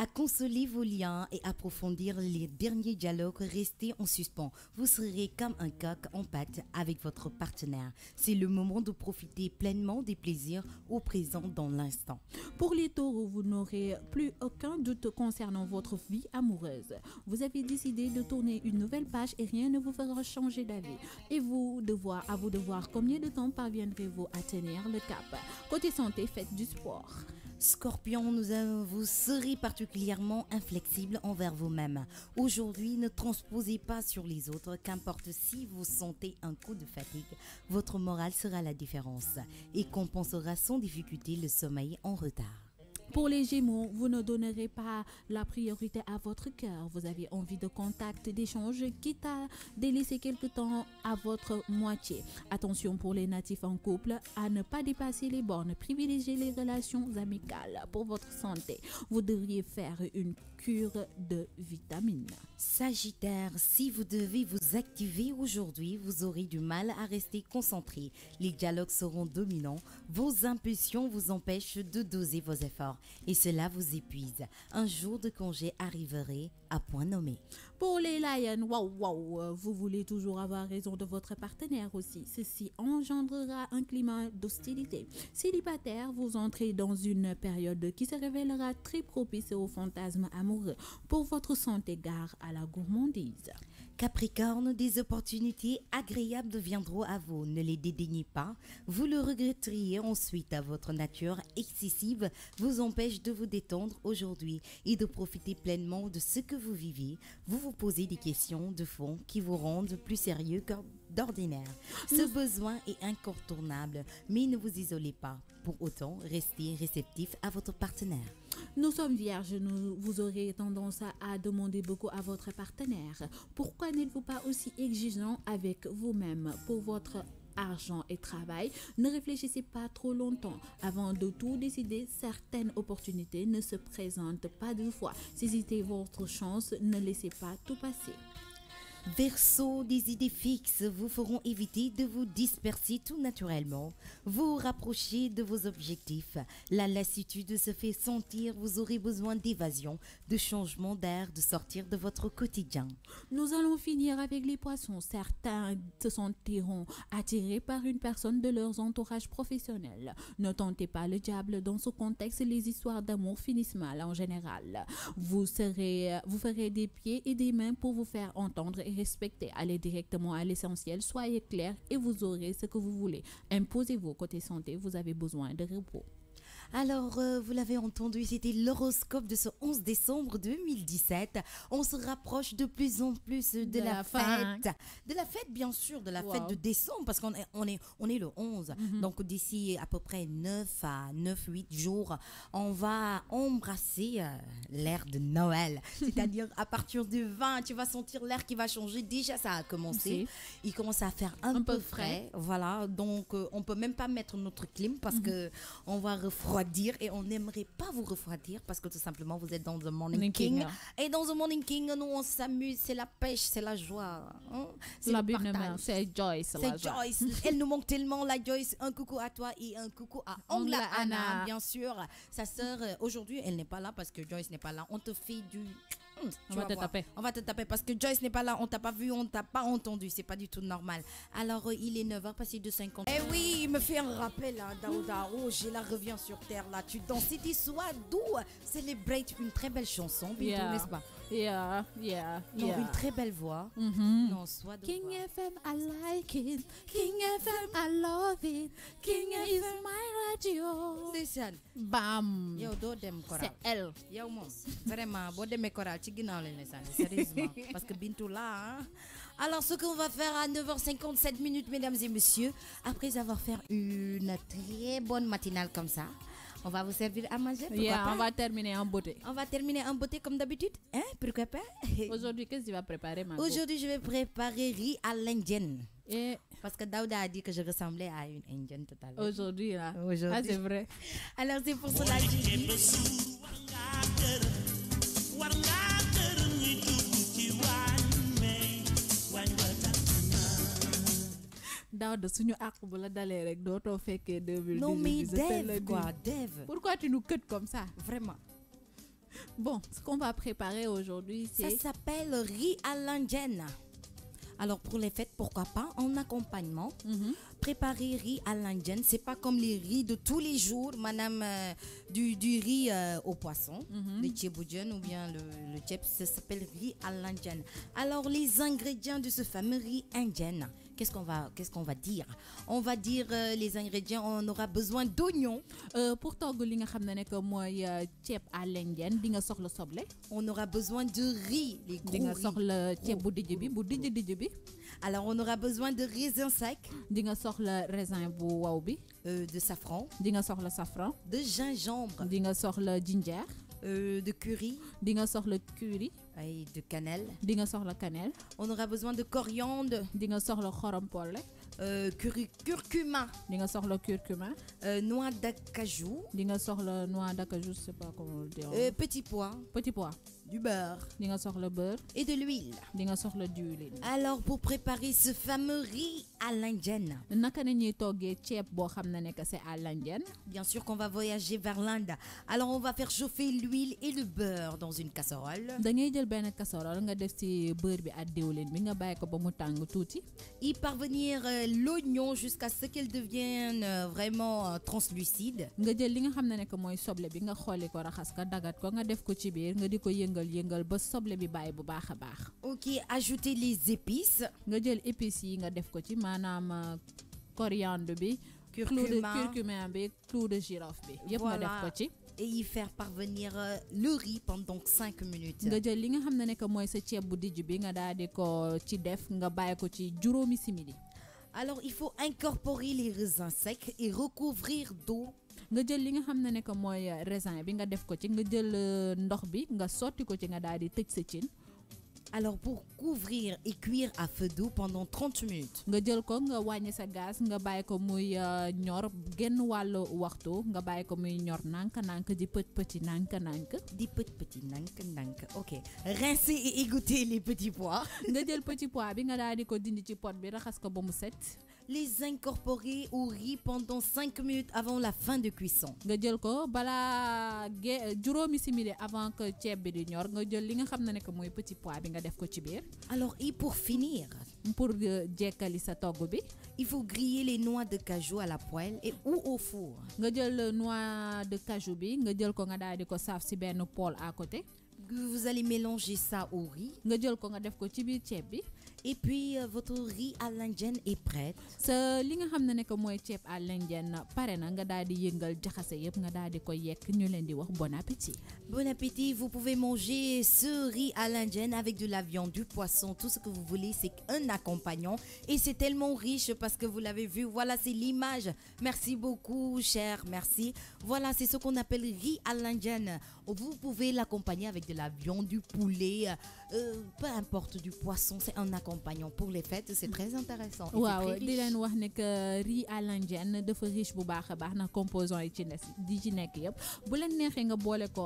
à consoler vos liens et approfondir les derniers dialogues restés en suspens. Vous serez comme un coq en pâte avec votre partenaire. C'est le moment de profiter pleinement des plaisirs au présent dans l'instant. Pour les taureaux, vous n'aurez plus aucun doute concernant votre vie amoureuse. Vous avez décidé de tourner une nouvelle page et rien ne vous fera changer d'avis. Et vous, devoir, à vous de voir combien de temps parviendrez-vous à tenir le cap. Côté santé, faites du sport. Scorpion, nous vous serez particulièrement inflexible envers vous-même. Aujourd'hui, ne transposez pas sur les autres, qu'importe si vous sentez un coup de fatigue, votre morale sera la différence et compensera sans difficulté le sommeil en retard. Pour les Gémeaux, vous ne donnerez pas la priorité à votre cœur. Vous avez envie de contact, d'échange, quitte à délaisser quelque temps à votre moitié. Attention pour les natifs en couple à ne pas dépasser les bornes. Privilégiez les relations amicales pour votre santé. Vous devriez faire une cure de vitamines. Sagittaire, si vous devez vous activer aujourd'hui, vous aurez du mal à rester concentré. Les dialogues seront dominants. Vos impulsions vous empêchent de doser vos efforts et cela vous épuise. Un jour de congé arriverait à point nommé. Pour les Lions, waouh waouh, euh, vous voulez toujours avoir raison de votre partenaire aussi. Ceci engendrera un climat d'hostilité. Célibataire, vous entrez dans une période qui se révélera très propice aux fantasmes amoureux. Pour votre santé, gare à la gourmandise. Capricorne, des opportunités agréables viendront à vous, ne les dédaignez pas. Vous le regretteriez ensuite à votre nature excessive vous empêche de vous détendre aujourd'hui et de profiter pleinement de ce que vous vivez. Vous vous posez des questions de fond qui vous rendent plus sérieux que d'ordinaire. Ce besoin est incontournable, mais ne vous isolez pas. Pour autant, restez réceptif à votre partenaire. Nous sommes vierges, nous, vous aurez tendance à, demander beaucoup à votre partenaire. Pourquoi n'êtes-vous pas aussi exigeant avec vous-même pour votre argent et travail, ne réfléchissez pas trop longtemps. Avant de tout décider, certaines opportunités ne se présentent pas deux fois. Saisissez votre chance, ne laissez pas tout passer. Verso, des idées fixes vous feront éviter de vous disperser tout naturellement, vous rapprochez de vos objectifs. La lassitude se fait sentir, vous aurez besoin d'évasion, de changement d'air, de sortir de votre quotidien. Nous allons finir avec les poissons. Certains se sentiront attirés par une personne de leur entourage professionnel. Ne tentez pas le diable dans ce contexte, les histoires d'amour finissent mal en général. Vous serez, vous ferez des pieds et des mains pour vous faire entendre respectez. Allez directement à l'essentiel, soyez clair et vous aurez ce que vous voulez. Imposez-vous côté santé, vous avez besoin de repos. Alors, euh, vous l'avez entendu, c'était l'horoscope de ce 11 décembre 2017. On se rapproche de plus en plus de, la, fête. De la fête, bien sûr, de la fête de décembre, parce qu'on est, on est, on est le 11. Mhm. Donc, d'ici à peu près 9 à 9, 8 jours, on va embrasser euh, l'air de Noël. C'est-à-dire, à partir du 20, tu vas sentir l'air qui va changer. Déjà, ça a commencé. Il commence à faire un, peu, frais. Voilà. Donc, on euh, on peut même pas mettre notre clim parce qu'on mhm. que on va refroidir dire et on n'aimerait pas vous refroidir parce que tout simplement vous êtes dans un Morning King. Hein. Et dans un Morning King, nous on s'amuse, c'est la pêche, c'est la joie. Hein. C'est la c'est Joyce. C'est Joyce. Elle nous manque tellement, la Joyce. Un coucou à toi et un coucou à Angla bien sûr. Sa sœur, euh, aujourd'hui, elle n'est pas là parce que Joyce n'est pas là. On te fait du on va, te taper. On va te taper parce que Joyce n'est pas là, on t'a pas vu, on t'a pas entendu. C'est pas du tout normal. Alors, euh, il est 9h, passé de 50. Eh oui, il me fait un rappel, là, hein, Daouda. Oh, je la reviens sur terre là. Tu danses, soit doux, Celebrate une très belle chanson, bien n'est-ce pas Yeah, euh, yeah. non une très belle voix. Mm-hmm. King FM, I like it. King FM, I love it. King FM my radio. Listen. Bam. Yo, do dem chorale. C'est elle. Yo, moom vraiment boo demee chorale ci ginnaaw lañ lay sérieusement parce que Bintou là. Hein. Alors ce qu'on va faire à 9h57 minutes mesdames et messieurs après avoir fait une très bonne matinale comme ça on va vous servir à manger. on va terminer en beauté. On va terminer en beauté comme d'habitude. Hein? Pourquoi pas? Aujourd'hui, qu'est-ce que tu vas préparer, maman? Aujourd'hui, je vais préparer riz à l'indienne. Et Parce que Daouda a dit que je ressemblais à une indienne totalement. Aujourd'hui, là. Ah, Aujourd'hui. c'est vrai. Alors, c'est pour cela que de suñu àq la rek dootoo fekkee. de non mais Dev pourquoi tu nous cut comme ça. vraiment. Bon, ce qu'on va préparer aujourd'hui, c'est. Ça s'appelle riz à l'indienne. Alors pour les fêtes, pourquoi pas en accompagnement. Mhm. Préparer riz à l'indienne, c'est pas comme les riz de tous les jours, madame, euh, du, du, riz euh, au poisson, mhm. le ou bien le, le ça s'appelle riz à l'indienne. Alors les ingrédients de ce fameux riz indien, qu'est-ce qu'on va, qu'est-ce qu'on va dire On va dire euh, les ingrédients. On aura besoin d'oignons. Euh, pour togg li nga xam moi, nekk mooy euh, ceeb à l'indienne di nga soxla on aura besoin de riz. les gros di nga soxla ceeb bu dijj alors on aura besoin de raisins secs di nga le raisin bu waw bi. de safran. di nga le safran. de gingembre. di nga le ginger. de curry. di nga le curry ay de cannelle di nga cannelle on aura besoin de coriandre di nga le xorom Euh, curcuma di nga le curcuma euh, noix d'acajou di nga soxla noix d'acajou je sais pas comment on le dit euh, petit pois petit pois du beurre. di nga soxla beurre. et de l'huile. di nga soxla diwlin. alors pour préparer ce fameux riz à l'indienne. naka la ñuy toggee ceeb boo xam ne nekk c'est à l'indienne. bien sûr qu'on va voyager vers l'Inde alors on va faire chauffer l'huile et le beurre dans une casserole. da ngay jël benn casserole nga def ci beurre bi ak diwlin bi nga bàyyi ko ba mu tàng tuuti. y parvenir euh, l'oignon jusqu'à ce qu'elle devienne euh, vraiment euh, translucide. nga jël li nga xam ne nekk mooy soble bi nga xooli ko raxas dagat ko nga def ko ci biir nga di ko yëngal yëngal ba soble bi bàyyi bu baax a baax. ok ajouter les épices. nga jël épices yi nga def ko ci maanaam euh, coriandre bi. curcuma curcuma bi clou de girofle bi. yëpp nga def ko ci. et y faire parvenir euh, le riz pendant 5 minutes. nga jël li nga xam ne nekk mooy sa ceeb bu dijj bi nga daal di ko ci def nga bàyyi ko ci juróomi simili. alors il faut incorporer les raisins secs et recouvrir d'eau nga jël li nga xam ne ne que mooy euh, raisin bi nga def ko ci nga jël euh, ndox bi nga sotti ko ci nga daal di tëj sa cin. Alors pour couvrir et cuire à feu doux pendant 30 minutes. nga jël ko nga wàññi sa gaz nga bàyyi ko muy euh, ñor genn wàllu waxtu nga bàyyi ko muy ñor nànk-nànk di pët petit nànk-nànk. di pët petit nànk-nànk ok rincer et égoutter les petits pois. nga jël petit pois bi nga daal di ko dindi ci pot bi raxas ko ba mu set les incorporer au riz pendant 5 minutes avant la fin de cuisson. nga jël ko bala ge juróomi simili avant que tieb bi di ñor nga jël li nga xam ne que mooy petit pois bi nga def ko ci biir. alors et pour finir. pour jekkali sa togg bi. il faut griller les noix de cajou à la poêle et ou au four. nga jël noix de cajou bi nga jël ko nga daal di ko saaf ci benn poêle à côté. vous allez mélanger ça au riz. nga jël ko nga def ko ci biir tieb bi et puis euh, votre riz à l'indienne est prêt. li nga à l'indienne nga yëngal nga bon appétit. bon appétit vous pouvez manger ce riz à l'indienne avec de la viande du poisson tout ce que vous voulez c'est un accompagnant et c'est tellement riche parce que vous l'avez vu voilà c'est l'image merci beaucoup cher merci voilà c'est ce qu'on appelle riz à l'indienne vous pouvez l'accompagner avec de la viande du poulet euh, peu importe du poisson c'est un accompagnement compagnon pour les fêtes c'est très intéressant Wow, di leen wax nek Jen de à l'indienne dafa riche na composant yi ci nekk di ci nekk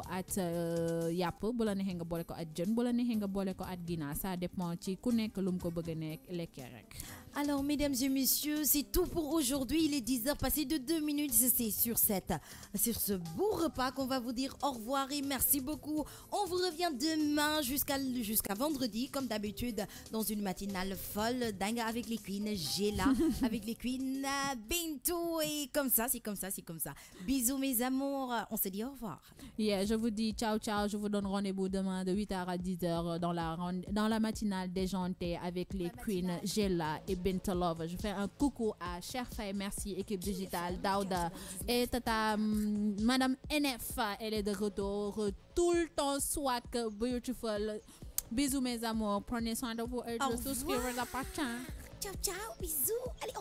at euh, Yap, bu henga boleko at john, bu henga boleko at Gina, ça dépend ci ku nekk ko bëgg a alors, mesdames et messieurs, c'est tout pour aujourd'hui. Il est 10h passé de 2 minutes. C'est sur, sur ce beau repas qu'on va vous dire au revoir et merci beaucoup. On vous revient demain jusqu'à jusqu'à vendredi, comme d'habitude, dans une matinale folle, dingue avec les queens. J'ai là, avec les queens, Bintou. Et comme ça, c'est comme ça, c'est comme ça. Bisous, mes amours. On se dit au revoir. Yeah, je vous dis ciao, ciao. Je vous donne rendez-vous demain de 8h à 10h dans la, dans la matinale déjantée avec les queens. J'ai là et Love. Je fais un coucou à Cher merci, équipe digitale, dauda et Tata mm, Madame NF. Elle est de retour tout le temps, soit que beautiful. Bisous mes amours, prenez soin de vous et de vous Ciao, ciao, bisous. Allez,